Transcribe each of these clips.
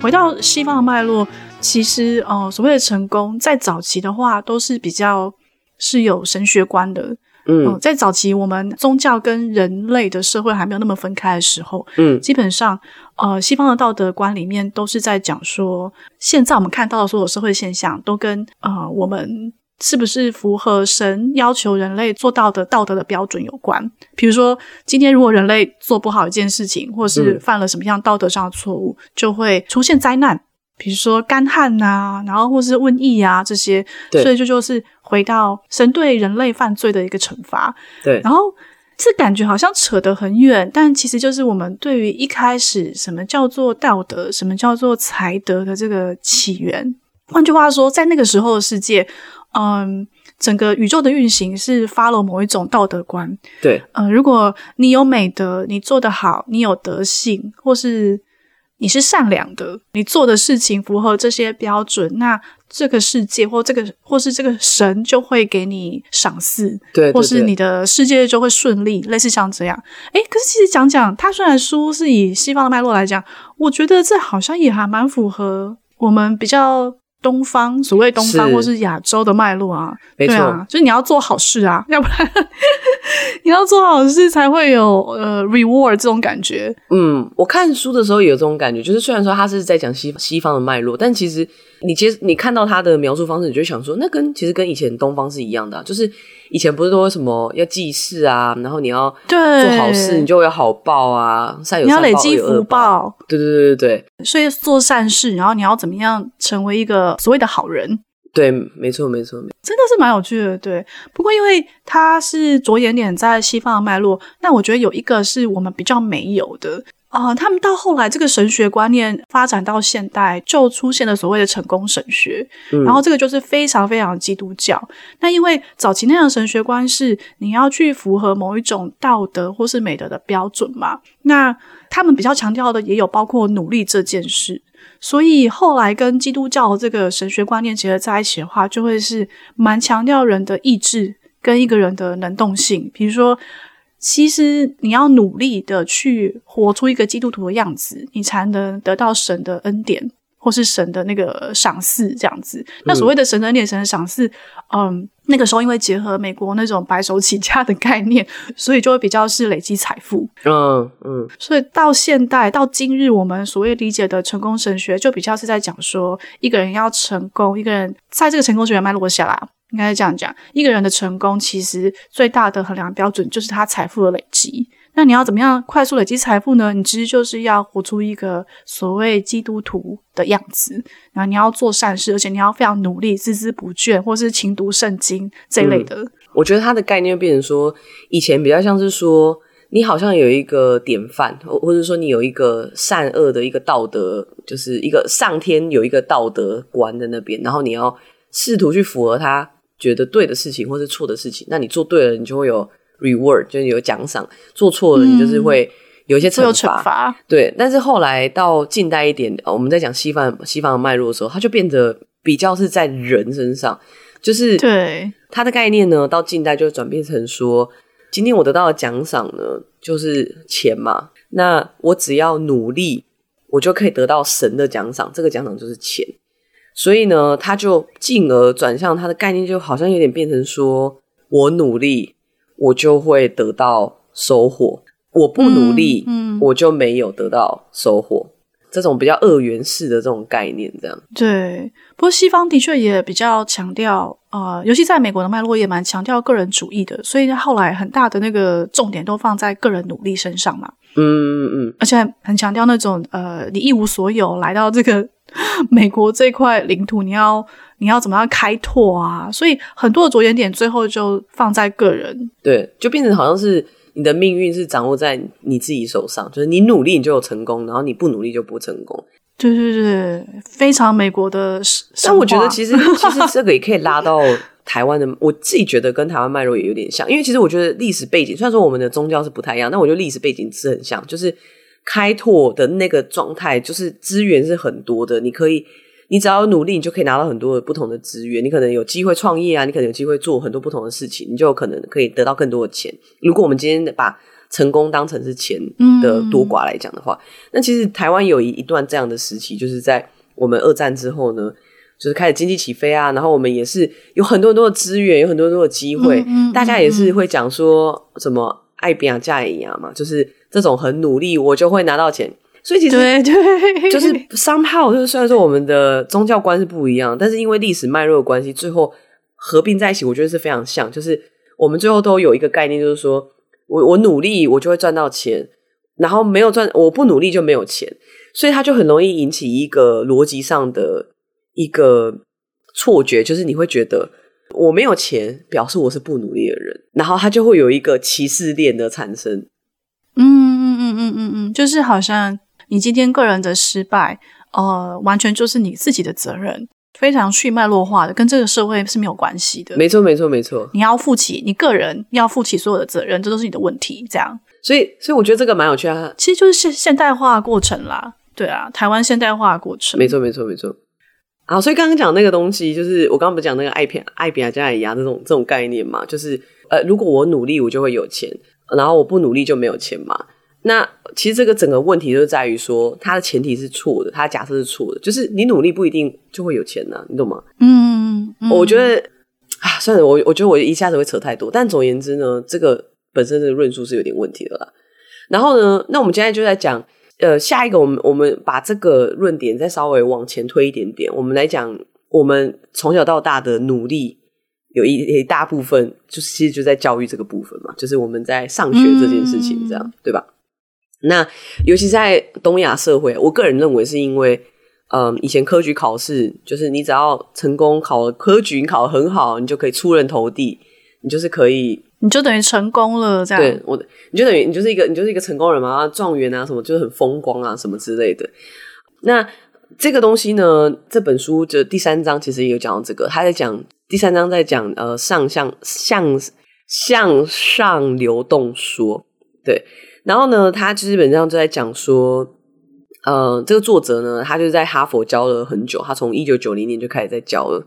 回到西方的脈絡，其實呃，所謂的成功，在早期的話，都是比較是有神學觀的。嗯、呃，在早期我們宗教跟人類的社會還沒有那麼分開的時候，嗯，基本上，呃，西方的道德觀裡面都是在講說，現在我們看到的所有社會現象都跟，呃，我們是不是符合神要求人類做到的道德的標準有關。比如說，今天如果人類做不好一件事情，或是犯了什麼樣道德上的錯誤，嗯、就會出現災難。比如說乾旱啊，然後或是瘟疫啊這些，對，所以就就是回到神對人類犯罪的一個懲罰。對，然後這感覺好像扯得很遠，但其實就是我們對於一開始什麼叫做道德，什麼叫做才德的這個起源。換句話說，在那個時候的世界，嗯，整個宇宙的運行是 follow 某一種道德觀。對，呃、嗯、如果你有美德，你做得好，你有德性，或是。你是善良的，你做的事情符合這些標準，那這個世界或這個或是這個神就會給你賞賜，對，對，對，或是你的世界就會順利，類似像這樣。誒，可是其實講講，他雖然書是以西方的脈絡來講，我覺得這好像也還蠻符合我們比較。東方，所謂東方是或是亞洲的脈絡啊，沒錯，啊，就是你要做好事啊，要不然 你要做好事才會有呃 reward 這種感覺。嗯，我看書的時候也有這種感覺，就是雖然說他是在講西西方的脈絡，但其實你接你看到他的描述方式，你就想說，那跟其實跟以前東方是一樣的啊，就是。以前不是說什麼要積善啊，然後你要做好事，你就會有好報啊。善有善報，你要累積福報，惡有惡報。對對對對對，所以做善事，然後你要怎麼樣成為一個所謂的好人？對，沒錯沒錯，沒錯，真的是蠻有趣的。對，不過因為他是着眼點在西方的脈絡，那我覺得有一個是我們比較沒有的。哦、呃，他們到後來這個神學觀念發展到現代，就出現了所謂的成功神學。嗯。然後這個就是非常非常基督教。那因為早期那樣的神學觀是你要去符合某一種道德或是美德的標準嘛，那他們比較強調的也有包括努力這件事。所以後來跟基督教的這個神學觀念結合在一起的話，就會是蠻強調人的意志跟一個人的能動性，比如說。其實，你要努力的去活出一個基督徒的樣子，你才能得到神的恩典。或是神的那個賞賜這樣子，那所謂的神的念神的賞賜、嗯，嗯，那個時候因為結合美國那種白手起家的概念，所以就會比較是累積財富。嗯嗯，所以到現代到今日，我們所謂理解的成功神學，就比較是在講說，一個人要成功，一個人在這個成功學脈絡下來，應該是這樣講。一個人的成功，其實最大的衡量標準就是他財富的累積。那你要怎麼樣快速累積財富呢？你其實就是要活出一個所謂基督徒的樣子，然後你要做善事，而且你要非常努力、孜孜不倦，或是勤讀聖經這一類的、嗯。我覺得他的概念變成說，以前比較像是說，你好像有一個典範，或者說你有一個善惡的一個道德，就是一個上天有一個道德觀在那邊，然後你要試圖去符合他覺得對的事情，或是錯的事情。那你做對了，你就會有。reward 就是有獎賞，做錯了你就是會有一些懲罰、嗯、懲罰。對，但是後來到近代一點，我們在講西方西方的脈絡的時候，它就變得比較是在人身上，就是對它的概念呢，到近代就轉變成說，今天我得到的獎賞呢，就是錢嘛。那我只要努力，我就可以得到神的獎賞，這個獎賞就是錢。所以呢，它就進而轉向，它的概念，就好像有點變成說我努力。我就會得到收穫，我不努力嗯，嗯，我就沒有得到收穫。這種比較二元式的這種概念，這樣對。不過西方的確也比較強調啊、呃，尤其在美國的脈絡也蠻強調個人主義的，所以後來很大的那個重點都放在個人努力身上嘛。嗯嗯，嗯，而且很強調那種呃，你一無所有來到這個美國這塊領土，你要。你要怎麼樣開拓啊？所以很多的着眼點最後就放在個人，對，就變成好像是你的命運是掌握在你自己手上，就是你努力你就有成功，然後你不努力就不成功。對對對，非常美國的。但我覺得其實其實這個也可以拉到台灣的， 我自己覺得跟台灣脈絡也有點像，因為其實我覺得歷史背景雖然說我們的宗教是不太一樣，但我覺得歷史背景是很像，就是開拓的那個狀態，就是資源是很多的，你可以。你只要努力，你就可以拿到很多不同的資源。你可能有機會創業啊，你可能有機會做很多不同的事情，你就有可能可以得到更多的錢。如果我們今天把成功當成是錢的多寡來講的話，嗯，那其實台灣有一段這樣的時期，就是在我們二戰之後呢，就是開始經濟起飛啊，然後我們也是有很多很多的資源，有很多很多的機會，嗯嗯，大家也是會講說什麼愛拼啊，才會贏啊嘛，就是這種很努力，我就會拿到錢。所以其實對對，就是 somehow，就是雖然說我們的宗教觀是不一樣，但是因為歷史脈絡的關係，最後合併在一起，我覺得是非常像。就是我們最後都有一個概念，就是說我我努力，我就會賺到錢；然後沒有賺，我不努力就沒有錢。所以他就很容易引起一個邏輯上的一個錯覺，就是你會覺得我沒有錢，表示我是不努力的人，然後他就會有一個歧視鏈的產生。嗯嗯嗯嗯嗯嗯，就是好像。你今天個人的失敗，呃，完全就是你自己的責任，非常去脈絡化的，跟這個社會是沒有關係的。沒錯，沒錯，沒錯。你要負起你個人要負起所有的責任，這都是你的問題。這樣。所以，所以我覺得這個蠻有趣的啊。其實就是現現代化的過程啦，對啊，台灣現代化的過程。沒錯，沒錯，沒錯。好，所以剛剛講那個東西，就是我剛剛不是講那個愛偏愛比亞加愛牙這種這種概念嘛，就是呃，如果我努力，我就會有錢，然後我不努力就沒有錢嘛。那其實這個整個問題就在於說，它的前提是錯的，它的假設是錯的，就是你努力不一定就會有錢呢、啊，你懂嗎？嗯，嗯我覺得啊，算了，我我覺得我一下子會扯太多，但總而言之呢，這個本身的論述是有點問題的啦。然後呢，那我們現在就在講，呃，下一個我們我們把這個論點再稍微往前推一點點，我們來講，我們從小到大的努力有一一大部分，就是其實就在教育這個部分嘛，就是我們在上學這件事情，這樣、嗯、對吧？那尤其在東亞社會，我個人認為是因為，嗯，以前科舉考試，就是你只要成功考科舉，你考得很好，你就可以出人頭地，你就是可以，你就等於成功了，這樣，對，我，你就等於你就是一個，你就是一個成功人嘛，狀元啊什麼，就是很風光啊什麼之類的。那這個東西呢，這本書就第三章其實也有講到這個，他在講，第三章在講，呃，上向，向，向上流動說，對。然後呢，他基本上就在講說，呃，這個作者呢，他就在哈佛教了很久，他從一九九零年就開始在教了。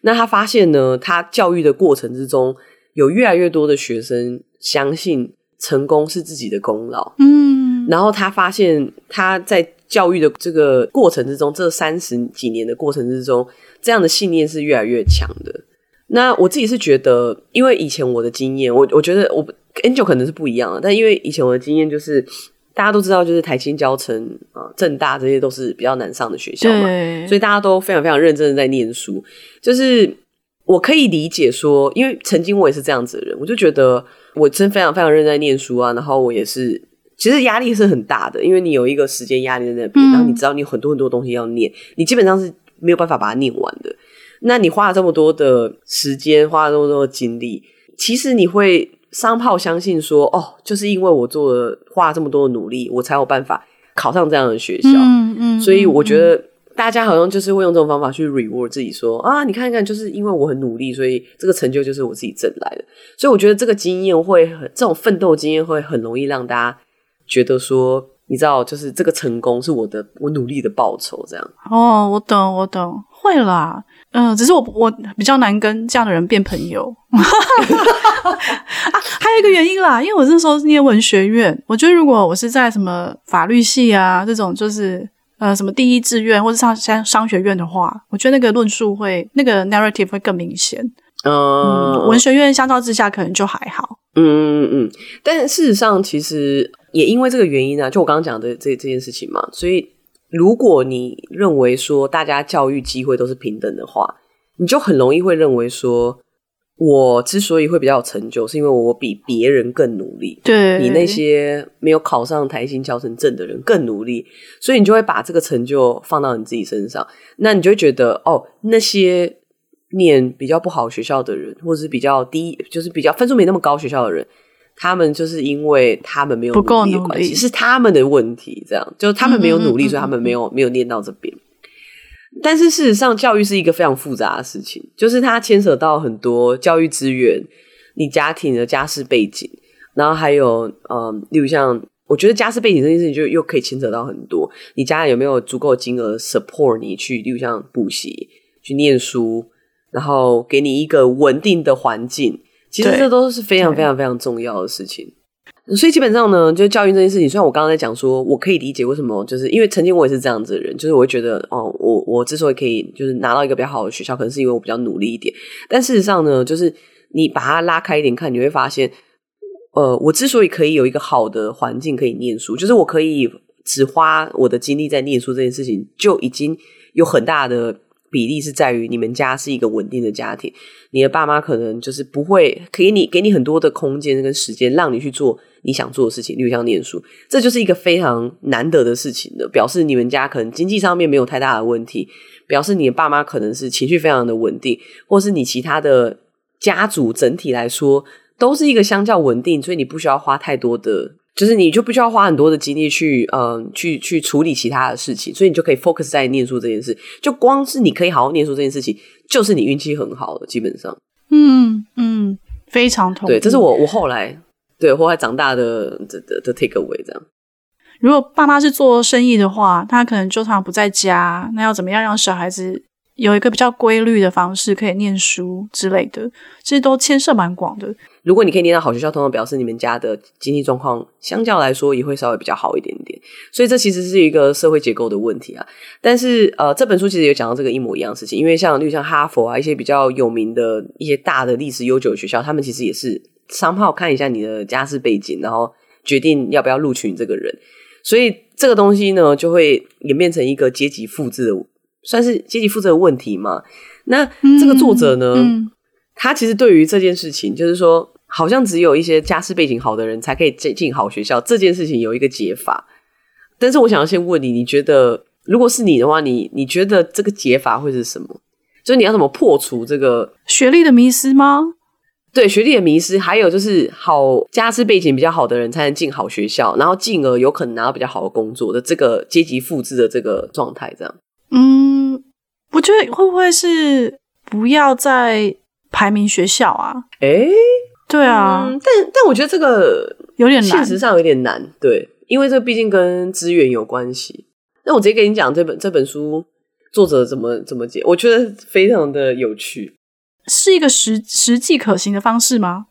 那他發現呢，他教育的過程之中，有越來越多的學生相信成功是自己的功勞。嗯，然後他發現他在教育的這個過程之中，這三十幾年的過程之中，這樣的信念是越來越強的。那我自己是覺得，因為以前我的經驗，我我覺得我。Angel 可能是不一樣了，但因為以前我的經驗就是，大家都知道，就是台清交成啊、政大這些都是比較難上的學校嘛。對，所以大家都非常非常認真的在念書。就是我可以理解說，因為曾經我也是這樣子的人，我就覺得我真非常非常認真在念書啊。然後我也是，其實壓力是很大的，因為你有一個時間壓力在那邊，然後你知道你有很多很多東西要念，嗯，你基本上是沒有辦法把它念完的。那你花了這麼多的時間，花了這麼多的精力，其實你會。商炮相信說：“哦，就是因為我做了花了這麼多的努力，我才有辦法考上這樣的學校。嗯嗯，所以我覺得大家好像就是會用這種方法去 reward 自己說，說啊，你看一看，就是因為我很努力，所以這個成就就是我自己掙來的。所以我覺得這個經驗會很，這種奮鬥經驗會很容易讓大家覺得說，你知道，就是這個成功是我的我努力的報酬。這樣哦，我懂，我懂，會啦。嗯、呃，只是我我比較難跟這樣的人變朋友。 ” 原因啦，因為我這時候是念文學院，我覺得如果我是在什麼法律系啊這種，就是呃什麼第一志願或者上商商學院的話，我覺得那個論述會那個 narrative 會更明顯。Uh, 嗯，文學院相較之下可能就還好。嗯嗯，嗯，但事實上其實也因為這個原因啊，就我剛剛講的這這件事情嘛，所以如果你認為說大家教育機會都是平等的話，你就很容易會認為說。我之所以會比較有成就，是因為我比別人更努力。對，比那些沒有考上台新教程證的人更努力，所以你就會把這個成就放到你自己身上。那你就會覺得，哦，那些念比較不好學校的人，或者是比較低，就是比較分數沒那麼高學校的人，他們就是因為他們沒有努力的關係，不夠努力，是他們的問題。這樣，就他們沒有努力，嗯嗯嗯。所以他們沒有沒有念到這邊。但是事實上，教育是一個非常複雜的事情，就是它牽扯到很多教育資源、你家庭的家世背景，然後還有，嗯、呃，例如像我覺得家世背景這件事情，就又可以牽扯到很多，你家裡有沒有足夠金額 support 你去，例如像補習、去念書，然後給你一個穩定的環境，其實這都是非常非常非常重要的事情。所以基本上呢，就是教育這件事情。雖然我剛剛在講說，說我可以理解為什麼，就是因為曾經我也是這樣子的人，就是我會覺得哦，我我之所以可以就是拿到一個比較好的學校，可能是因為我比較努力一點。但事實上呢，就是你把它拉開一點看，你會發現，呃，我之所以可以有一個好的環境可以念書，就是我可以只花我的精力在念書這件事情，就已經有很大的比例是在於你們家是一個穩定的家庭，你的爸媽可能就是不會給你給你很多的空間跟時間讓你去做。你想做的事情，例如像念書，這就是一個非常難得的事情了。表示你們家可能經濟上面沒有太大的問題，表示你的爸媽可能是情緒非常的穩定，或是你其他的家族整體來說都是一個相較穩定，所以你不需要花太多的，就是你就不需要花很多的精力去嗯、呃、去去處理其他的事情，所以你就可以 focus 在念書這件事。就光是你可以好好念書這件事情，就是你運氣很好的，基本上，嗯嗯，非常同意。對，這是我我後來。對，或來長大的的的的 take away 這樣。如果爸媽是做生意的話，他可能就常不在家。那要怎麼樣讓小孩子有一個比較規律的方式可以念書之類的？這些都牽涉蠻廣的。如果你可以念到好學校，通常表示你們家的經濟狀況相較來說也會稍微比較好一點點。所以這其實是一個社會結構的問題啊。但是呃，這本書其實有講到這個一模一樣的事情，因為像例如像哈佛啊，一些比較有名的一些大的歷史悠久的學校，他們其實也是。商炮看一下你的家世背景，然後決定要不要錄取你這個人。所以這個東西呢，就會演變成一個階級複製的，算是階級複製的問題嘛？那這個作者呢、嗯嗯，他其實對於這件事情，就是說，好像只有一些家世背景好的人才可以進進好學校，這件事情有一個解法。但是我想要先問你，你覺得如果是你的話，你你覺得這個解法會是什麼？就是你要怎麼破除這個學歷的迷思嗎？對學歷的迷思，還有就是好家世背景比較好的人才能進好學校，然後進而有可能拿到比較好的工作的這個階級複製的這個狀態，這樣。嗯，我覺得會不會是不要再排名學校啊？誒、欸、對啊，嗯、但但我覺得這個有點難，現實上有點難，對，因為這畢竟跟資源有關係。那我直接給你講這本這本書作者怎麼怎麼解，我覺得非常的有趣。是一個實實際可行的方式嗎？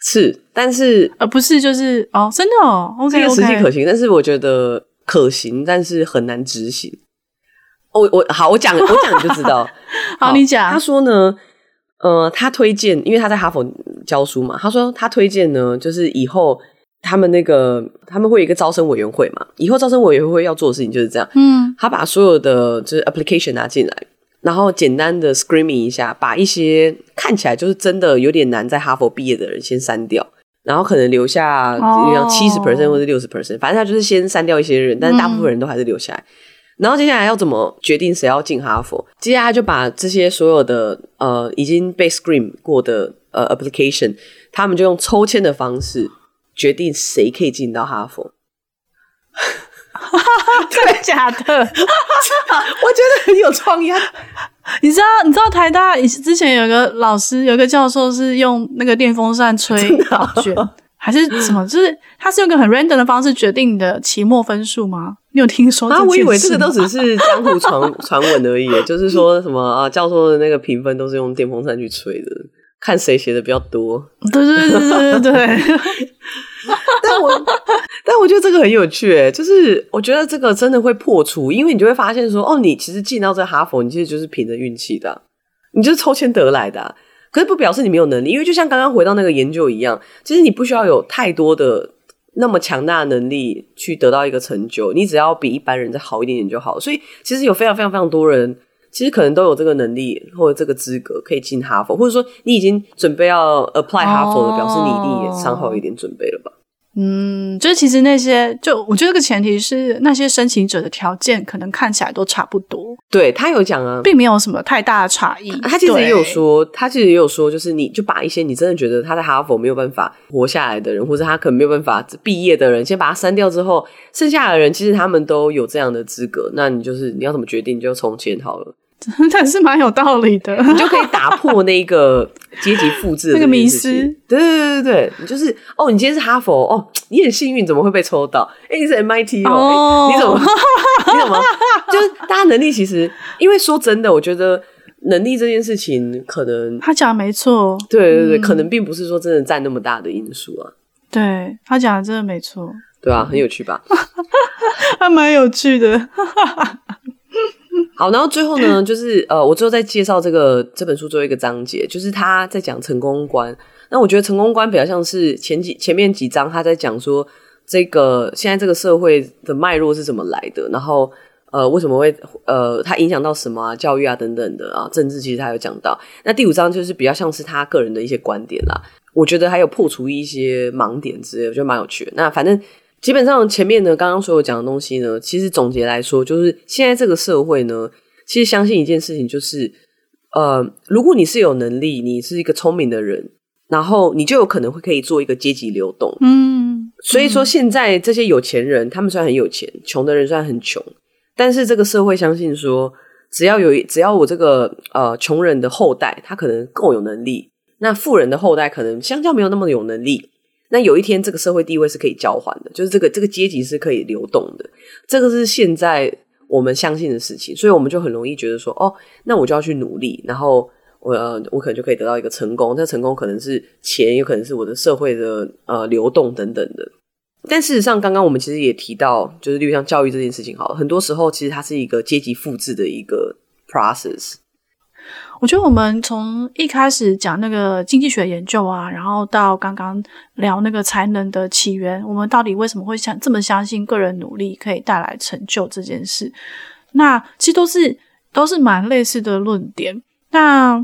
是，但是而、呃、不是就是哦，真的哦，okay, okay. 這個實際可行，但是我覺得可行，但是很難執行。哦、我我好，我講我講你就知道 好。好，你講。他說呢，呃，他推薦，因為他在哈佛教書嘛。他說他推薦呢，就是以後他們那個他們會有一個招生委員會嘛。以後招生委員會要做的事情就是這樣。嗯，他把所有的就是 application 拿進來。然後簡單的 screening 一下，把一些看起來就是真的有點難在哈佛畢業的人先刪掉，然後可能留下、oh. 像七十 percent 或者六十 percent，反正他就是先刪掉一些人，但是大部分人都還是留下來。Mm. 然後接下來要怎麼決定誰要進哈佛？接下來就把這些所有的呃已經被 screen 過的呃 application，他們就用抽籤的方式決定誰可以進到哈佛。 真 的假的？ 我覺得很有創意。你知道？你知道台大之前有個老師，有個教授是用那個電風扇吹考卷，啊，還是什麼？就是他是用一個很 random 的方式決定你的期末分數嗎？你有聽說嗎？啊，我以為這個都只是江湖傳傳聞而已， 就是說什麼啊，教授的那個評分都是用電風扇去吹的，看誰寫的比較多。對對對對對。 但我但我覺得這個很有趣，欸，哎，就是我覺得這個真的會破除，因為你就會發現說，哦，你其實進到這哈佛，你其實就是憑着運氣的啊，你就是抽籤得來的啊。可是不表示你沒有能力，因為就像剛剛回到那個研究一樣，其實你不需要有太多的那麼強大的能力去得到一個成就，你只要比一般人再好一點點就好。所以其實有非常非常非常多人，其實可能都有這個能力或者這個資格可以進哈佛，或者說你已經準備要 apply 哈佛了，oh. 表示你一定也稍好一點準備了吧。嗯，就是其實那些，就我覺得這個前提是那些申請者的條件可能看起來都差不多。對，他有講啊，並沒有什麼太大的差異。他其實也有說，他其實也有說，有說就是你就把一些你真的覺得他在哈佛沒有辦法活下來的人，或者他可能沒有辦法畢業的人，先把他刪掉之後，剩下的人其實他們都有這樣的資格。那你就是你要怎麼決定，你就從前好了。真 的是蠻有道理的，你就可以打破那個階級複製 那個迷思。對對對對，對你就是哦，你今天是哈佛哦，你很幸運，怎麼會被抽到？哎，你是 MIT 哦，oh、你怎麼你怎麼？就是大家能力其實，因為說真的，我覺得能力這件事情可能他講的沒錯。對對對、嗯，可能並不是說真的佔那麼大的因素啊。對他講的真的沒錯。對啊，很有趣吧？還 蠻有趣的。 好，然後最後呢，就是呃，我最後再介紹這個這本書最後一個章節，就是他在講成功觀。那我覺得成功觀比較像是前幾前面幾章他在講說這個現在這個社會的脈絡是怎麼來的，然後呃為什麼會呃他影響到什麼啊教育啊等等的啊政治，其實他有講到。那第五章就是比較像是他個人的一些觀點啦，我覺得還有破除一些盲點之類的，我覺得蠻有趣的。那反正。基本上前面呢，剛剛所有講的東西呢，其實總結來說，就是現在這個社會呢，其實相信一件事情，就是呃，如果你是有能力，你是一個聰明的人，然後你就有可能會可以做一個階級流動。嗯，所以說現在這些有錢人，他們雖然很有錢，窮的人雖然很窮，但是這個社會相信說，只要有只要我這個呃窮人的後代，他可能更有能力，那富人的後代可能相較沒有那麼有能力，那有一天，這個社會地位是可以交換的，就是這個這個階級是可以流動的，這個是現在我們相信的事情，所以我們就很容易覺得說，哦，那我就要去努力，然後我我可能就可以得到一個成功，這成功可能是錢，有可能是我的社會的呃流動等等的。但事實上，剛剛我們其實也提到，就是例如像教育這件事情，好，很多時候其實它是一個階級複製的一個 process。我覺得我們從一開始講那個經濟學研究啊，然後到剛剛聊那個才能的起源，我們到底為什麼會想這麼相信個人努力可以帶來成就這件事？那其實都是都是蠻類似的論點。那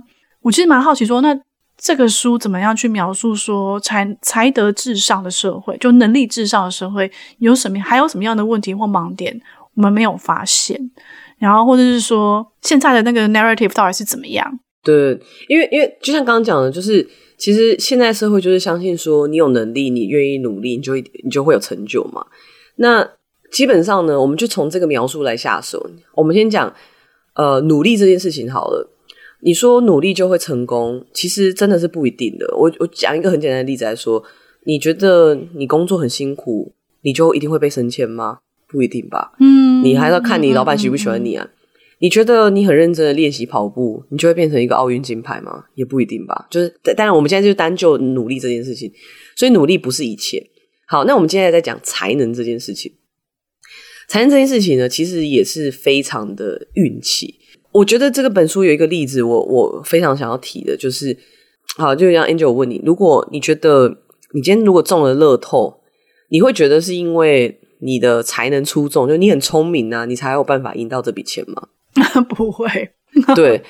我其實蠻好奇說，說那這個書怎麼樣去描述說才才德至上的社會，就能力至上的社會，有什麼還有什麼樣的問題或盲點，我們沒有發現？然後，或者是說現在的那個 narrative 到底是怎麼樣？對，因為因為就像剛剛講的，就是其實現在社會就是相信說你有能力，你願意努力，你就，你就會有成就嘛。那基本上呢，我們就從這個描述來下手。我們先講，呃，努力這件事情好了。你說努力就會成功，其實真的是不一定的。我我講一個很簡單的例子來說，你覺得你工作很辛苦，你就一定會被升遷嗎？不一定吧，嗯，你還要看你老闆喜不喜歡你啊。嗯？你覺得你很認真的練習跑步，你就會變成一個奧運金牌嗎？也不一定吧。就是當然，我們現在就單就努力這件事情，所以努力不是一切。好，那我們現在來講才能這件事情。才能這件事情呢，其實也是非常的運氣。我覺得這個本書有一個例子我，我我非常想要提的，就是好，就像 Angel 問你，如果你覺得你今天如果中了樂透，你會覺得是因為？你的才能出眾，就你很聰明啊，你才有辦法贏到這筆錢嗎？ 不會。 對，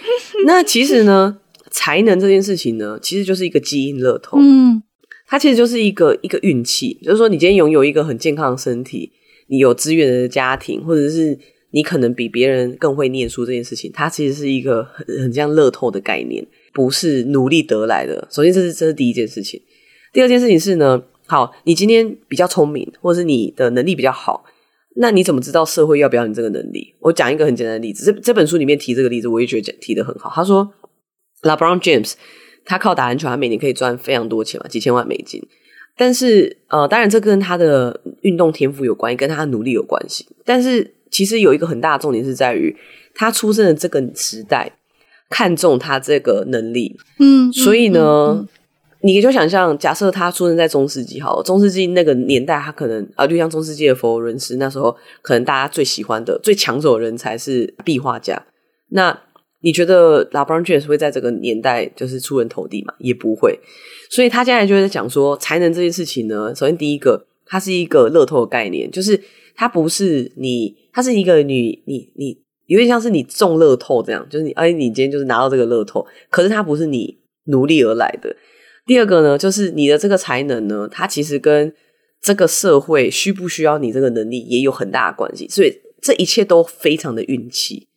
那其實呢，才能這件事情呢，其實就是一個基因樂透。嗯，它其實就是一個一個運氣，就是說你今天擁有一個很健康的身體，你有資源的家庭，或者是你可能比別人更會念書這件事情，它其實是一個很很像樂透的概念，不是努力得來的。首先，這是這是第一件事情。第二件事情是呢。好，你今天比較聰明，或者是你的能力比較好，那你怎麼知道社會要不要你這個能力？我講一個很簡單的例子這，這本書裡面提這個例子，我也覺得講提得很好。他說，LeBron James，他靠打籃球，他每年可以賺非常多錢嘛，幾千萬美金。但是，呃，當然這跟他的運動天賦有關，跟他的努力有關係。但是，其實有一個很大的重點是在於，他出生的這個時代看重他這個能力。嗯，所以呢。嗯嗯嗯你就想象，假設他出生在中世紀，好了，中世紀那個年代，他可能啊，就像中世紀的佛羅倫斯，那時候可能大家最喜歡的、最搶手的人才是壁畫家。那你覺得 LeBron James 會在這個年代就是出人頭地嗎？也不會。所以他現在就是在講說，才能這件事情呢。首先，第一個，它是一個樂透的概念，就是它不是你，它是一個你，你，你有點像是你中樂透這樣，就是你，而、哎、且你今天就是拿到這個樂透，可是它不是你努力而來的。第二個呢，就是你的這個才能呢，它其實跟這個社會需不需要你這個能力也有很大的關係，所以這一切都非常的運氣。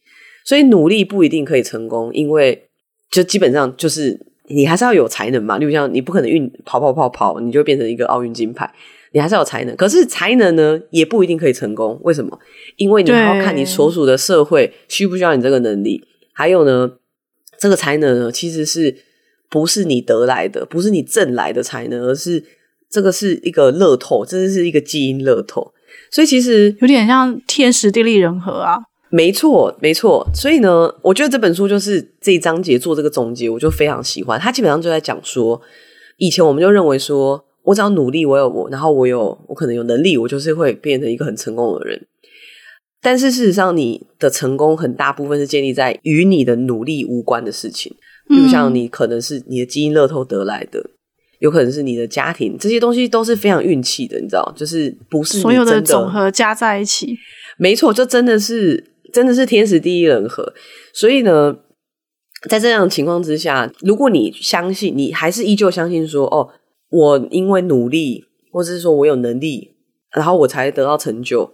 所以努力不一定可以成功，因為就基本上就是你還是要有才能嘛。例如像你不可能運跑跑跑跑，你就變成一個奧運金牌，你還是要有才能。可是才能呢，也不一定可以成功。為什麼？因為你要看你所屬的社會需不需要你這個能力，還有呢，這個才能呢，其實是。不是你得來的，不是你掙來的才能，而是這個是一個樂透，真的是一個基因樂透。所以其實有點像天時地利人和啊，沒錯，沒錯。所以呢，我覺得這本書就是這一章節做這個總結，我就非常喜歡。它基本上就在講說，以前我們就認為說，我只要努力，我有我，然後我有，我可能有能力，我就是會變成一個很成功的人。但是事實上，你的成功很大部分是建立在與你的努力無關的事情。嗯，比如像你可能是你的基因樂透得來的，有可能是你的家庭，這些東西都是非常運氣的，你知道，就是不是你的所有的總和加在一起，沒錯，就真的是真的是天時地利人和。所以呢，在這樣的情況之下，如果你相信，你還是依舊相信說，哦，我因為努力，或者是說我有能力，然後我才得到成就，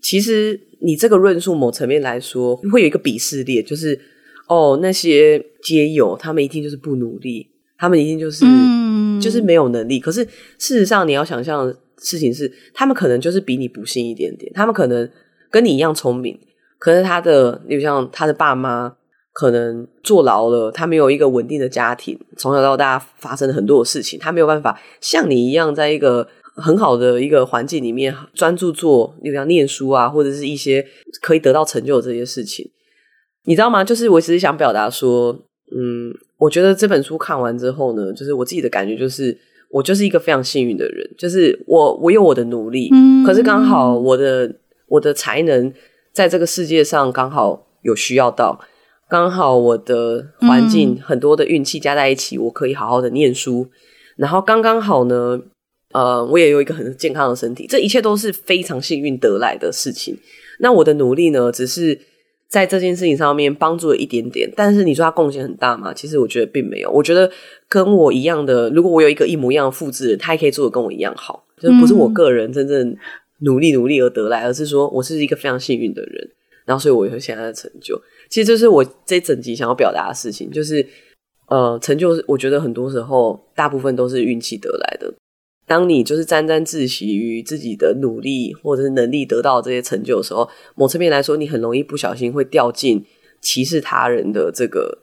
其實，你這個論述某層面來說，會有一個鄙視鏈，就是哦，那些街友，他們一定就是不努力，他們一定就是、嗯、就是沒有能力。可是事實上，你要想象的事情是，他們可能就是比你不幸一點點，他們可能跟你一樣聰明，可是他的，你像他的爸媽可能坐牢了，他沒有一個穩定的家庭，從小到大發生了很多的事情，他沒有辦法像你一樣在一個。很好的一個環境裡面，專注做，你，比方念書啊，或者是一些可以得到成就這些事情，你知道嗎？就是我其實想表達說，嗯，我覺得這本書看完之後呢，就是我自己的感覺，就是我就是一個非常幸運的人，就是我我有我的努力，嗯、可是剛好我的我的才能在這個世界上剛好有需要到，剛好我的環境、嗯、很多的運氣加在一起，我可以好好的念書，然後剛剛好呢。呃，我也有一個很健康的身體，這一切都是非常幸運得來的事情。那我的努力呢，只是在這件事情上面幫助了一點點。但是你說他貢獻很大嗎？其實我覺得並沒有。我覺得跟我一樣的，如果我有一個一模一樣的複製人，他也可以做得跟我一樣好。就是不是我個人真正努力努力而得來，嗯，而是說我是一個非常幸運的人。然後所以，我有現在的成就，其實這是我這整集想要表達的事情，就是呃，成就我覺得很多時候大部分都是運氣得來的。當你就是沾沾自喜於自己的努力或者是能力得到這些成就的時候，某側面來說，你很容易不小心會掉進歧視他人的這個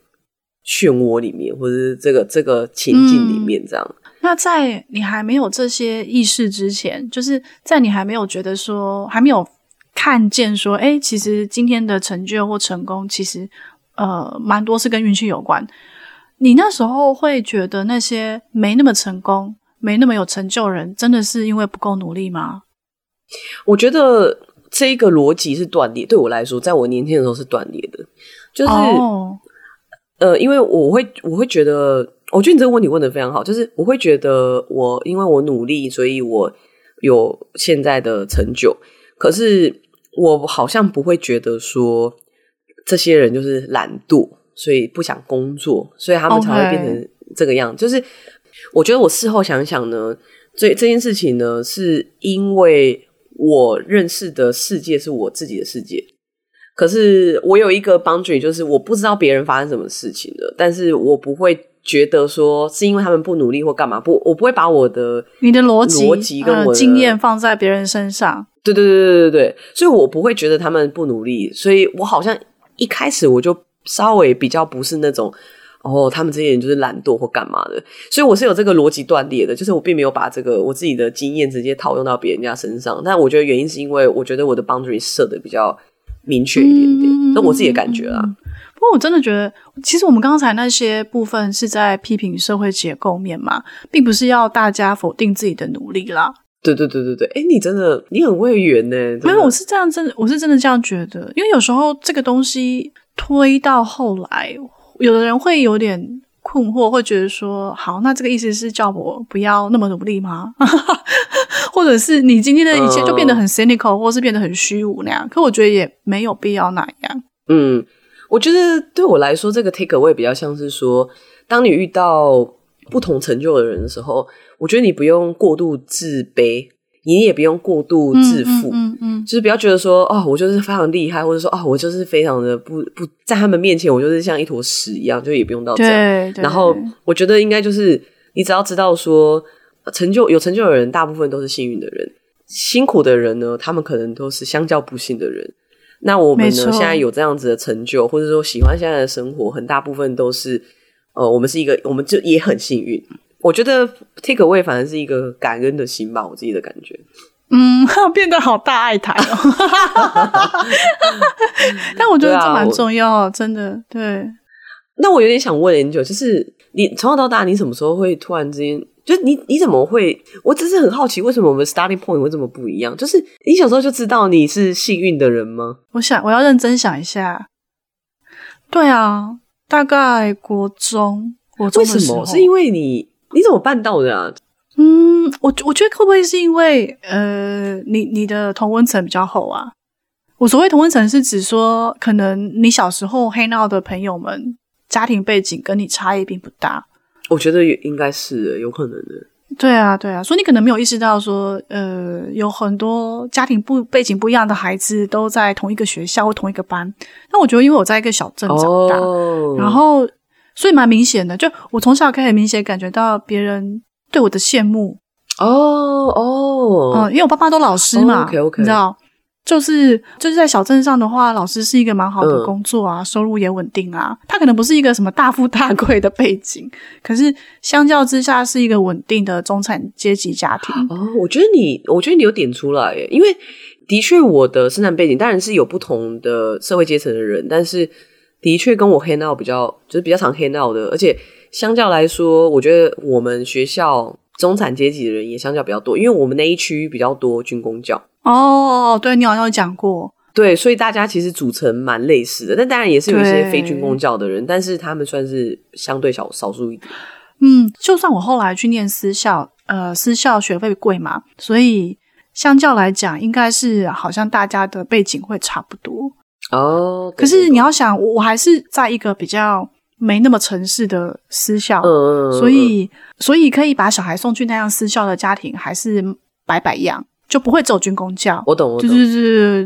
漩渦裡面，或者是這個這個情境裡面這樣、嗯。那在你還沒有這些意識之前，就是在你還沒有覺得說還沒有看見說，哎、欸，其實今天的成就或成功，其實呃，蠻多是跟運氣有關。你那時候會覺得那些沒那麼成功。沒那麼有成就人，人真的是因為不夠努力嗎？我覺得這個邏輯是斷裂。對我來說，在我年輕的時候是斷裂的，就是，Oh. 呃，因為我會，我會覺得，我覺得你這個問題問得非常好，就是我會覺得我因為我努力，所以我有現在的成就。可是我好像不會覺得說這些人就是懶惰，所以不想工作，所以他們才會變成這個樣，Okay. 就是。我覺得我事後想一想呢，這這件事情呢，是因為我認識的世界是我自己的世界。可是我有一個 boundary，就是我不知道別人發生什麼事情了，但是我不會覺得說是因為他們不努力或幹嘛，不，我不會把我的，我的邏輯跟，你的邏輯，呃，經驗放在別人身上。對對對對對對，所以我不會覺得他們不努力，所以我好像一開始我就稍微比較不是那種。哦，他們這些人就是懶惰或幹嘛的，所以我是有這個邏輯斷裂的，就是我並沒有把這個我自己的經驗直接套用到別人家身上。但我覺得原因是因為我覺得我的 boundary 設得比較明確一點點，那、嗯、我自己的感覺啊。不過我真的覺得，其實我們剛才那些部分是在批評社會結構面嘛，並不是要大家否定自己的努力啦。對對對對對，哎，你真的你很會圓呢、欸。沒有，我是這樣真，我是真的這樣覺得，因為有時候這個東西推到後來。有的人會有點困惑，會覺得說：“好，那這個意思是叫我不要那麼努力嗎？ 或者是你今天的一切就變得很 cynical，uh，或是變得很虛無那樣？”可我覺得也沒有必要那樣。嗯，我覺得對我來說，這個 take away 比較像是說，當你遇到不同成就的人的時候，我覺得你不用過度自卑，你也不用過度自負，嗯嗯嗯嗯，就是不要覺得說哦，我就是非常厲害，或者說哦，我就是非常的不不，在他們面前，我就是像一坨屎一樣，就也不用到這樣。然後我覺得應該就是，你只要知道說，成就，有成就的人，大部分都是幸運的人；辛苦的人呢，他們可能都是相較不幸的人。那我們呢，現在有這樣子的成就，或者說喜歡現在的生活，很大部分都是，呃，我們是一個，我們就也很幸運。我覺得 take away 反而是一個感恩的心吧，我自己的感覺。嗯，變得好大愛台哦。 但我覺得這蠻重要的啊，真的。對。那我有點想問 n 九，Angel, 就是你從小到大，你什麼時候會突然之間？就是你你怎麼會？我只是很好奇，為什麼我們 starting point 會這麼不一樣？就是你小時候就知道你是幸運的人嗎？我想我要認真想一下。對啊，大概國中，國中的時候。為什麼？是因為你。你怎麼辦到的啊？嗯，我我覺得會不會是因為呃，你你的同溫層比較厚啊？我所謂同溫層是指說，可能你小時候 hang out 的朋友們，家庭背景跟你差異並不大。我覺得也應該是有可能的。對啊，對啊，所以你可能沒有意識到說，呃，有很多家庭不背景不一樣的孩子都在同一個學校或同一個班。那我覺得，因為我在一個小鎮長大，oh. 然後。所以蠻明顯的，就我從小可以很明顯感覺到別人對我的羨慕哦哦、oh, oh. 嗯，因為我爸爸都老師嘛、oh,，OK OK，你知道，就是就是在小鎮上的話，老師是一個蠻好的工作啊，嗯、收入也穩定啊。他可能不是一個什麼大富大貴的背景，可是相較之下是一個穩定的中產階級家庭。哦、oh,，我覺得你，我覺得你有點出來耶，因為的確我的生產背景當然是有不同的社會階層的人，但是。的確，跟我 hang out 比較，就是比較常 hang out 的。而且，相較來說，我覺得我們學校中產階級的人也相較比較多，因為我們那一區比較多軍公教。哦、oh,，對，你好像有講過。對，所以大家其實組成蠻類似的，但當然也是有一些非軍公教的人，但是他們算是相對少少數一點。嗯，就算我後來去念私校，呃，私校學費貴嘛，所以相較來講，應該是好像大家的背景會差不多。哦、oh,，可是你要想，我還是在一個比較沒那麼城市的私校，嗯、所以、嗯、所以可以把小孩送去那樣私校的家庭，還是百百樣，就不會走軍公教。我懂，我懂，對對對對對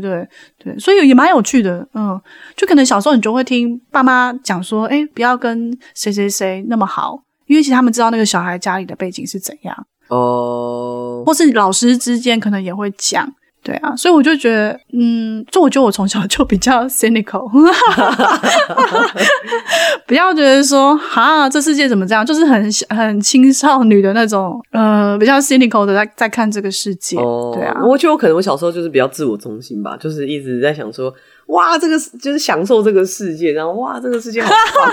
對對，所以也蠻有趣的，嗯，就可能小時候你就會聽爸媽講說，哎，不要跟誰誰誰那麼好，因為其實他們知道那個小孩家裡的背景是怎樣，哦、oh.，或是老師之間可能也會講。對啊，所以我就覺得，嗯，就我覺得我從小就比較 cynical，不 要 覺得說啊，這世界怎麼這樣？就是很很青少女的那種，呃，比較 cynical 的在在看這個世界，哦、對啊，我覺得我可能我小時候就是比較自我中心吧，就是一直在想說，哇，這個就是享受這個世界，然後哇，這個世界好、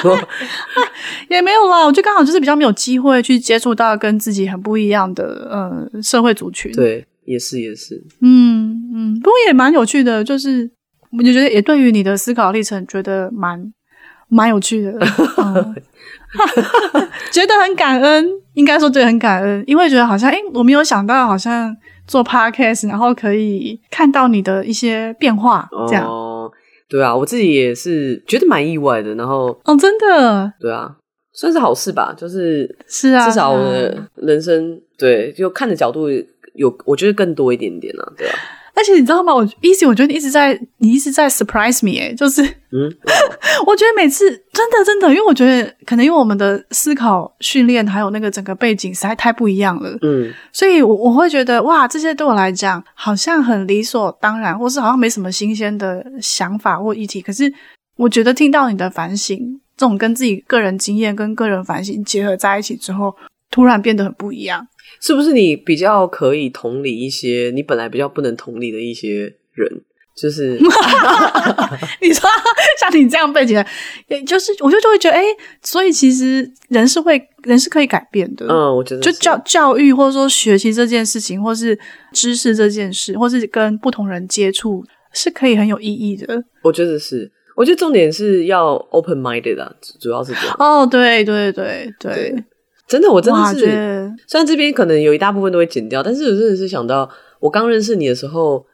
哦。好 也沒有啦，我就剛好就是比較沒有機會去接觸到跟自己很不一樣的呃社會族群，對。也是也是嗯，嗯嗯，不過也蠻有趣的，就是我就覺得也對於你的思考歷程，覺得蠻蠻有趣的， 嗯、 覺得很感恩， 應該說對很感恩，因為覺得好像哎、欸，我沒有想到，好像做 podcast 然後可以看到你的一些變化，嗯、這樣，對啊，我自己也是覺得蠻意外的，然後，哦，真的，對啊，算是好事吧，就是是啊，至少我們的人生、嗯、對就看的角度。有，我覺得更多一點點呢、啊，對啊，而且你知道嗎？我一直我覺得你一直在，你一直在 surprise me，哎、欸，就是，嗯， 我覺得每次真的真的，因為我覺得可能因為我們的思考訓練還有那個整個背景實在太不一樣了，嗯，所以我，我我會覺得哇，這些對我來講好像很理所當然，或是好像沒什麼新鮮的想法或議題。可是，我覺得聽到你的反省，這種跟自己個人經驗跟個人反省結合在一起之後，突然變得很不一樣，是不是你比較可以同理一些你本來比較不能同理的一些人？就是 你說像你這樣背景，也就是我就就會覺得哎、欸，所以其實人是會人是可以改變的。嗯，我覺得是。就教，教育或者說學習這件事情，或是知識這件事，或是跟不同人接觸，是可以很有意義的。我覺得是，我覺得重點是要 open-minded 啊，主要是這樣。哦，對對對對。對。真的，我真的是，雖然這邊可能有一大部分都會剪掉，但是我真的是想到我剛認識你的時候，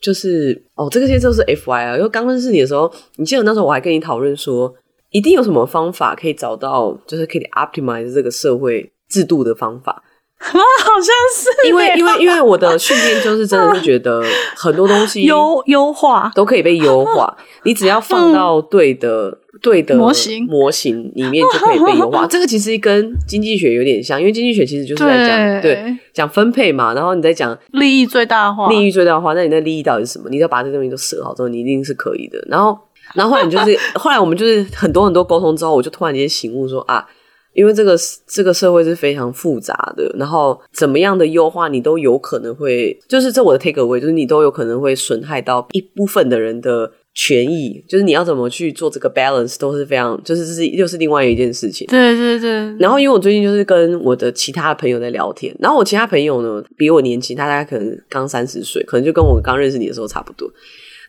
就是哦，這個先生是 FY 啊，因為剛認識你的時候，你記得那時候我還跟你討論說，一定有什麼方法可以找到，就是可以 optimize 這個社會制度的方法。啊， 好像是因為因為因為我的訓練就是真的是覺得很多東西優優化都可以被優化，你只要放到對的、嗯、對的模型模型裡面就可以被優化。這個其實跟經濟學有點像，因為經濟學其實就是在講對，對，講分配嘛，然後你在講利益最大化，利益最大化，那你那利益到底是什麼？你要把這東西都設好之後，你一定是可以的。然後然後後來你就是 後來我們就是很多很多溝通之後，我就突然間醒悟說啊。因為這個這個社會是非常複雜的，然後怎麼樣的優化，你都有可能會，就是這我的 take away，就是你都有可能會損害到一部分的人的權益，就是你要怎麼去做這個 balance 都是非常，就是這是又是另外一件事情。對對對。然後因為我最近就是跟我的其他朋友在聊天，然後我其他朋友呢比我年輕，他大概可能剛三十歲，可能就跟我剛認識你的時候差不多。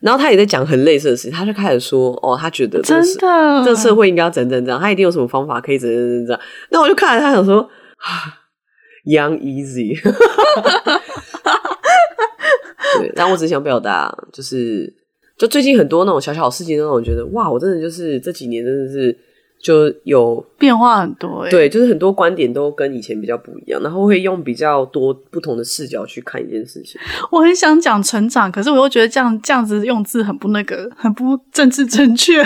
然後他也在講很類似的事情，他就開始說：“哦，他覺得真的，這社會應該要怎怎怎，他一定有什麼方法可以怎怎怎樣，那我就看了，他想說、啊、：“Young easy。 ” 對，但我只是想表達，就是就最近很多那種小小事情，讓我覺得哇，我真的就是這幾年真的是。就有變化很多，欸，對，就是很多觀點都跟以前比較不一樣，然後會用比較多不同的視角去看一件事情。我很想講成長，可是我又覺得這樣這樣子用字很不那個，很不政治正確。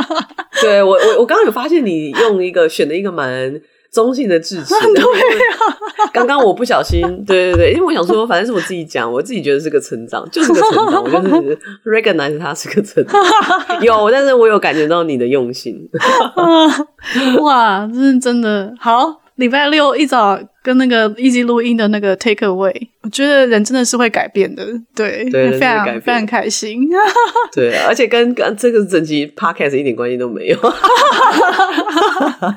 對，我，我我剛剛有發現你用一個選了一個蠻。中性的支持，對啊，剛剛我不小心，對對對，因為我想說，反正是我自己講，我自己覺得是個成長，就是個成長，我就是 recognize 他是個成長，有，但是我有感覺到你的用心， 哇，這是真的，好。禮拜六一早跟那個一直錄音的那個 take away，我覺得人真的是會改變的，對，對，非常非常開心， 對，而且跟剛這個整集 podcast 一點關係都沒有，哈哈哈，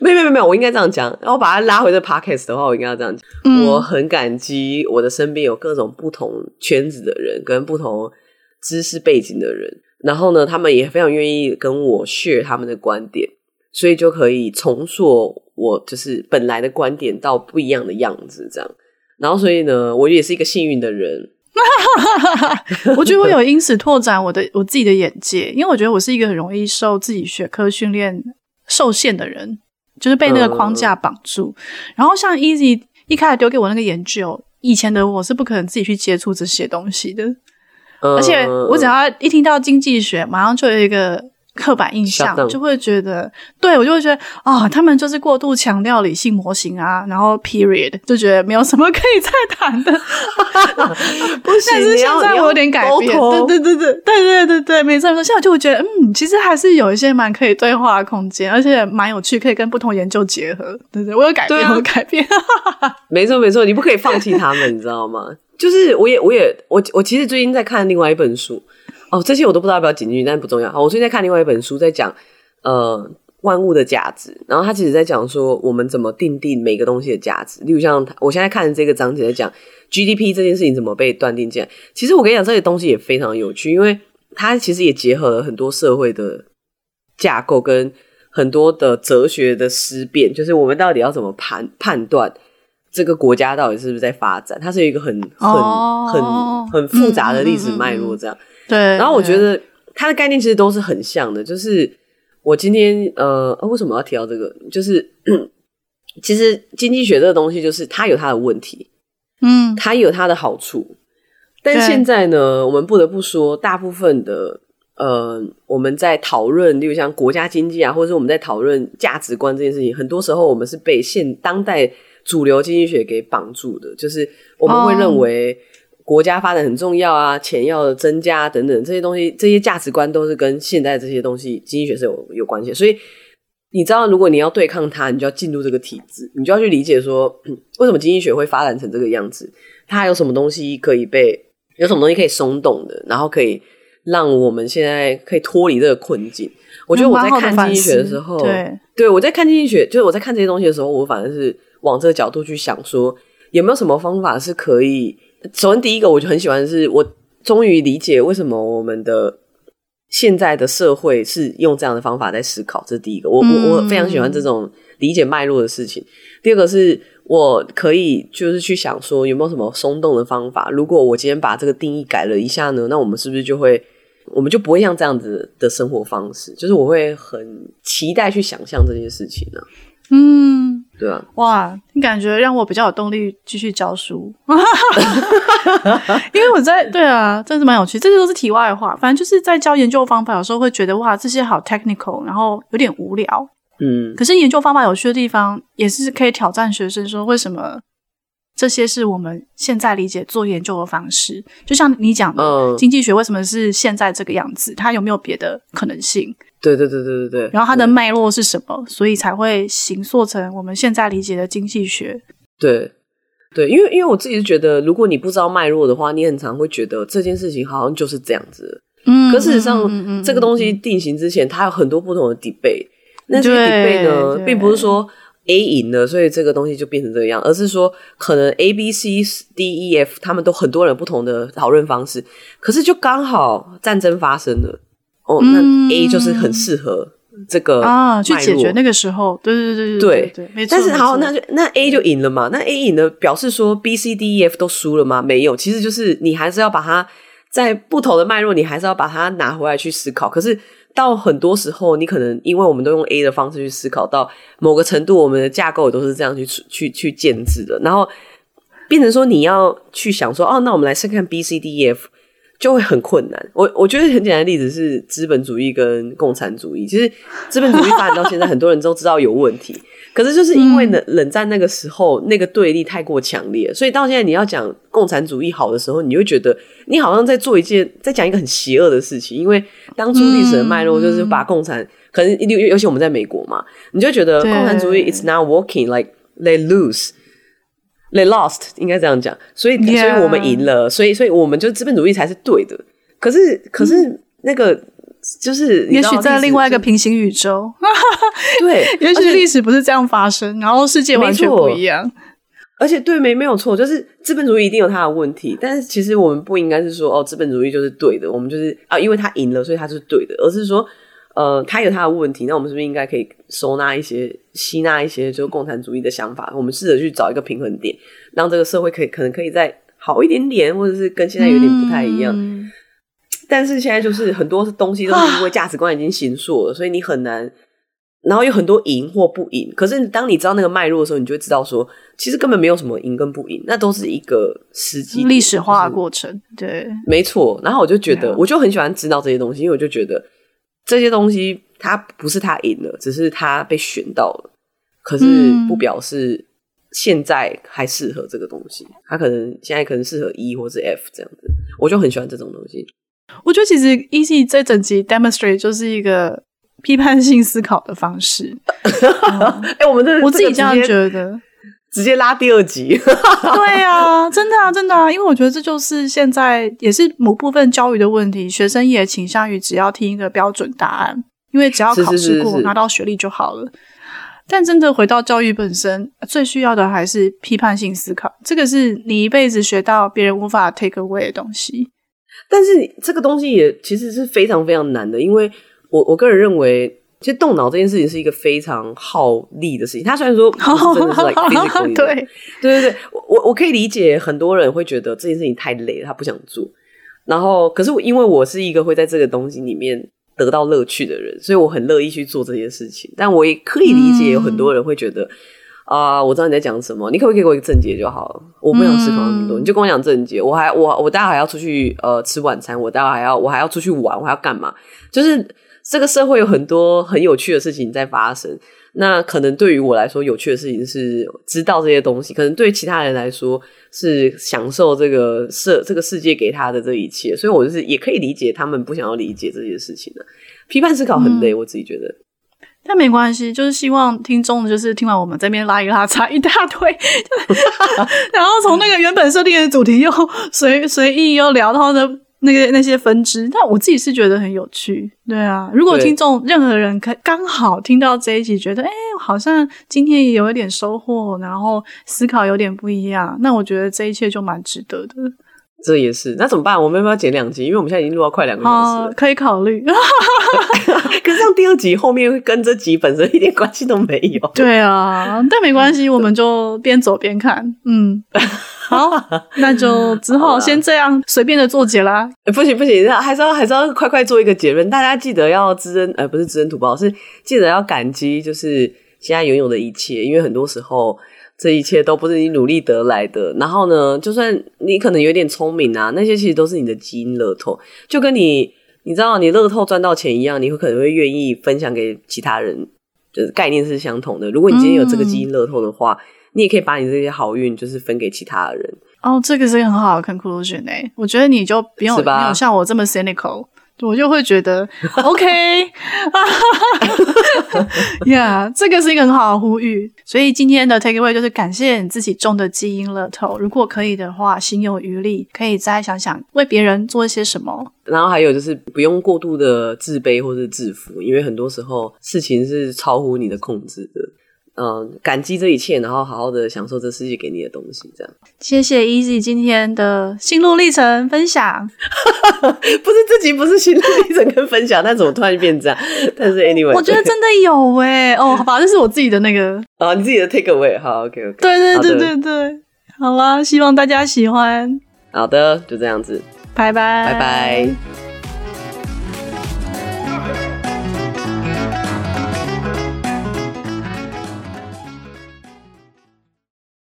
沒有沒有沒有，我應該這樣講，然後把它拉回這 podcast 的話，我應該要這樣講，嗯，我很感激我的身邊有各種不同圈子的人，跟不同知識背景的人，然後呢，他們也非常願意跟我 share 他們的觀點。所以就可以重塑我就是本來的觀點到不一樣的樣子，這樣。然後所以呢，我也是一個幸運的人。 我覺得我有因此拓展我的我自己的眼界， 因為我覺得我是一個很容易受自己學科訓練受限的人，就是被那個框架綁住。嗯。然後像 Easy 一開始丟給我那個研究，以前的我是不可能自己去接觸這些東西的。嗯。而且我只要一聽到經濟學，馬上就有一個。刻板印象就會覺得，對我就會覺得啊、哦，他們就是過度強調理性模型啊，然後 period 就覺得沒有什麼可以再談的 不行。不 是現在我有點改變。對對對對對對對對，對，沒錯沒錯，現在我就會覺得，嗯，其實還是有一些蠻可以對話的空間，而且蠻有趣，可以跟不同研究結合。對對，我有改變，我有改變。啊、 沒錯沒錯，你不可以放棄他們，你知道嗎？就是我也我也我我其實最近在看另外一本書。哦，這些我都不知道要不要講進去，但是不重要。好，我最近在看另外一本書在講，在講呃萬物的價值，然後他其實在講說我們怎麼定定每個東西的價值，例如像我現在看的這個章節在講 GDP 這件事情怎麼被斷定進來。其實我跟你講這些、個、東西也非常有趣，因為它其實也結合了很多社會的架構跟很多的哲學的思辨，就是我們到底要怎麼判判斷這個國家到底是不是在發展？它是一個很很很很，很複雜的歷史脈絡這樣。對，然後我覺得它的概念其實都是很像的，就是我今天呃、啊、為什麼要提到這個？就是 其實經濟學這個東西，就是它有它的問題，嗯，它有它的好處，但現在呢，我們不得不說，大部分的呃，我們在討論，例如像國家經濟啊，或者是我們在討論價值觀這件事情，很多時候我們是被現當代主流經濟學給綁住的，就是我們會認為。哦國家發展很重要啊，錢要的增加等等，這些東西，這些價值觀都是跟現在這些東西經濟學是有有關係。所以你知道，如果你要對抗它，你就要進入這個體制，你就要去理解說，為什麼經濟學會發展成這個樣子，它有什麼東西可以被，有什麼東西可以鬆動的，然後可以讓我們現在可以脫離這個困境。我覺得我在看經濟學的時候，嗯、對，對我在看經濟學，就是我在看這些東西的時候，我反正是往這個角度去想說，說有沒有什麼方法是可以。首先，第一個我就很喜歡，是我終於理解為什麼我們的現在的社會是用這樣的方法在思考。這是第一個，我我我非常喜歡這種理解脈絡的事情。第二個是我可以就是去想說有沒有什麼鬆動的方法。如果我今天把這個定義改了一下呢，那我們是不是就會我們就不會像這樣子的生活方式？就是我會很期待去想象這件事情呢、啊。嗯。對啊，哇，你感覺讓我比較有動力繼續教書， 因為我在對啊，真是蠻有趣。這些都是題外話，反正就是在教研究方法，有時候會覺得哇，這些好 technical，然後有點無聊。嗯，可是研究方法有趣的地方，也是可以挑戰學生說，為什麼這些是我們現在理解做研究的方式？就像你講的，呃、經濟學為什麼是現在這個樣子？它有沒有別的可能性？對對對對對對，然後它的脈絡是什麼？所以才會形塑成我們現在理解的經濟學。對，對，因為因為我自己是覺得，如果你不知道脈絡的話，你很常會覺得這件事情好像就是這樣子。嗯，可事實上、嗯嗯，這個東西定型之前，它有很多不同的 debate。那些 debate 呢，並不是說 A 贏了，所以這個東西就變成這個樣，而是說可能 A、B、C、D、E、F 他們都很多人有不同的討論方式，可是就剛好戰爭發生了。哦、oh，那 A，嗯、就是很適合這個啊，去解決那個時候，對對對對，對對對，沒錯。但是好，那就那 A 就贏了嘛？那 A 贏了表示說 B、C、D、E、F 都輸了嗎？沒有，其實就是你還是要把它在不同的脈絡，你還是要把它拿回來去思考。可是到很多時候，你可能因為我們都用 A 的方式去思考，到某個程度，我們的架構也都是這樣去去去建制的，然後變成說你要去想說，哦，那我們來先看 B、C、D、E、F，就會很困難。我我覺得很簡單的例子是資本主義跟共產主義。其實資本主義發展到現在，很多人都知道有問題， 可是就是因為冷冷戰那個時候那個對立太過強烈，所以到現在你要講共產主義好的時候，你就覺得你好像在做一件在講一個很邪惡的事情。因為當初歷史的脈絡就是把共產， 可能尤尤其我們在美國嘛，你就覺得共產主義 it's not working like they lose。They lost，應該這樣講，所以，yeah. 所以我們贏了，所以，所以我們就資本主義才是對的。可是，可是那個、嗯、就是，就也許在另外一個平行宇宙， 對，也許歷史不是這樣發生，然後世界完全不一樣。而且，對，沒沒有錯，就是資本主義一定有它的問題。但是，其實我們不應該是說，哦，資本主義就是對的，我們就是啊，因為它贏了，所以它是對的，而是說。呃，他有他的問題，那我們是不是應該可以收納一些，吸納一些，就是共產主義的想法？我們試着去找一個平衡點，讓這個社會可以可能可以再好一點點，或者是跟現在有點不太一樣。嗯、但是現在就是很多東西都是因為價值觀已經形塑了，啊，所以你很難。然後有很多贏或不贏，可是當你知道那個脈絡的時候，你就會知道說，其實根本沒有什麼贏跟不贏，那都是一個時機歷史化的過程。對，沒錯。然後我就覺得，我就很喜歡知道這些東西，因為我就覺得。這些東西，他不是他贏了，只是他被選到了。可是不表示現在還適合這個東西，他、嗯、可能現在可能適合 E 或者是 F 這樣子。我就很喜歡這種東西。我覺得其實 E C 這整集 Demonstrate 就是一個批判性思考的方式。 uh, 欸、我們，我自己這樣覺得。 直接拉第二集， 對啊，真的啊，真的啊，因為我覺得這就是現在也是某部分教育的問題，學生也傾向於只要聽一個標準答案，因為只要考試過，是是是是是拿到學歷就好了。但真的回到教育本身，最需要的還是批判性思考，這個是你一輩子學到別人無法 take away 的東西。但是你這個東西也其實是非常非常難的，因為我我個人認為。其實動腦這件事情是一個非常耗力的事情。他雖然說真的是、like、 對，的對對對，我我可以理解很多人會覺得這件事情太累了，他不想做。然後，可是我因為我是一個會在這個東西裡面得到樂趣的人，所以我很樂意去做這件事情。但我也可以理解有很多人會覺得啊、嗯呃，我知道你在講什麼，你可不可以給我一個正解就好了。」我不想思考那麼多、嗯，你就跟我講正解。我還我我待會還要出去呃吃晚餐，我待會還要我還要出去玩，我還要幹嘛？就是。這個社會有很多很有趣的事情在發生，那可能對於我來說有趣的事情是知道這些東西，可能對其他人來說是享受這個世這個世界給他的這一切，所以我就是也可以理解他們不想要理解這些事情的、啊。批判思考很累、嗯，我自己覺得，但沒關係，就是希望聽眾就是聽完我們這邊拉一拉雜一大堆， 然後從那個原本設定的主題又隨隨 意又聊到的。然後呢那個那些分支，但我自己是覺得很有趣，對啊。如果聽眾任何人可剛好聽到這一集，覺得哎、欸，好像今天也有一點收穫，然後思考有點不一樣，那我覺得這一切就蠻值得的。這也是，那怎麼辦？我們要不要剪兩集？因為我們現在已經錄到快兩個小時了，啊，可以考慮。可是 上第二集後面跟這集本身一點關係都沒有。對啊，但沒關係，我們就邊走邊看，嗯。 好，那就只好先這樣隨便的做結啦、 欸。不行不行，還是要還是要快快做一個結論。大家記得要知恩，呃、欸，不是知恩圖報，是記得要感激，就是現在擁有的一切，因為很多時候這一切都不是你努力得來的。然後呢，就算你可能有點聰明啊，那些其實都是你的基因樂透，就跟你你知道你樂透賺到錢一樣，你會可能會願意分享給其他人，就是概念是相同的。如果你今天有這個基因樂透的話。嗯你也可以把你這些好運，就是分給其他的人哦。Oh, 這個是一個很好的 conclusion 哎、欸，我覺得你就不用，沒有像我這麼 cynical，我就會覺得 OK 啊，哈哈哈哈哈，yeah，這個是一個很好的呼籲。所以今天的 takeaway 就是感謝你自己種的基因樂透。如果可以的話，心有餘力可以再想想為別人做一些什麼。然後還有就是不用過度的自卑或是自負，因為很多時候事情是超乎你的控制的。嗯，感激這一切，然後好好的享受這世界給你的東西，這樣。謝謝 Easy 今天的心路歷程分享。 不是自己，不是心路歷程跟分享， 但怎麼突然變這樣。但是 Anyway，我覺得真的有哎、欸、 哦，反正是我自己的那個啊、 哦，你自己的 take away，好 OK OK。對對對對對，好啦，希望大家喜歡。好的，就這樣子，拜拜拜拜。Bye bye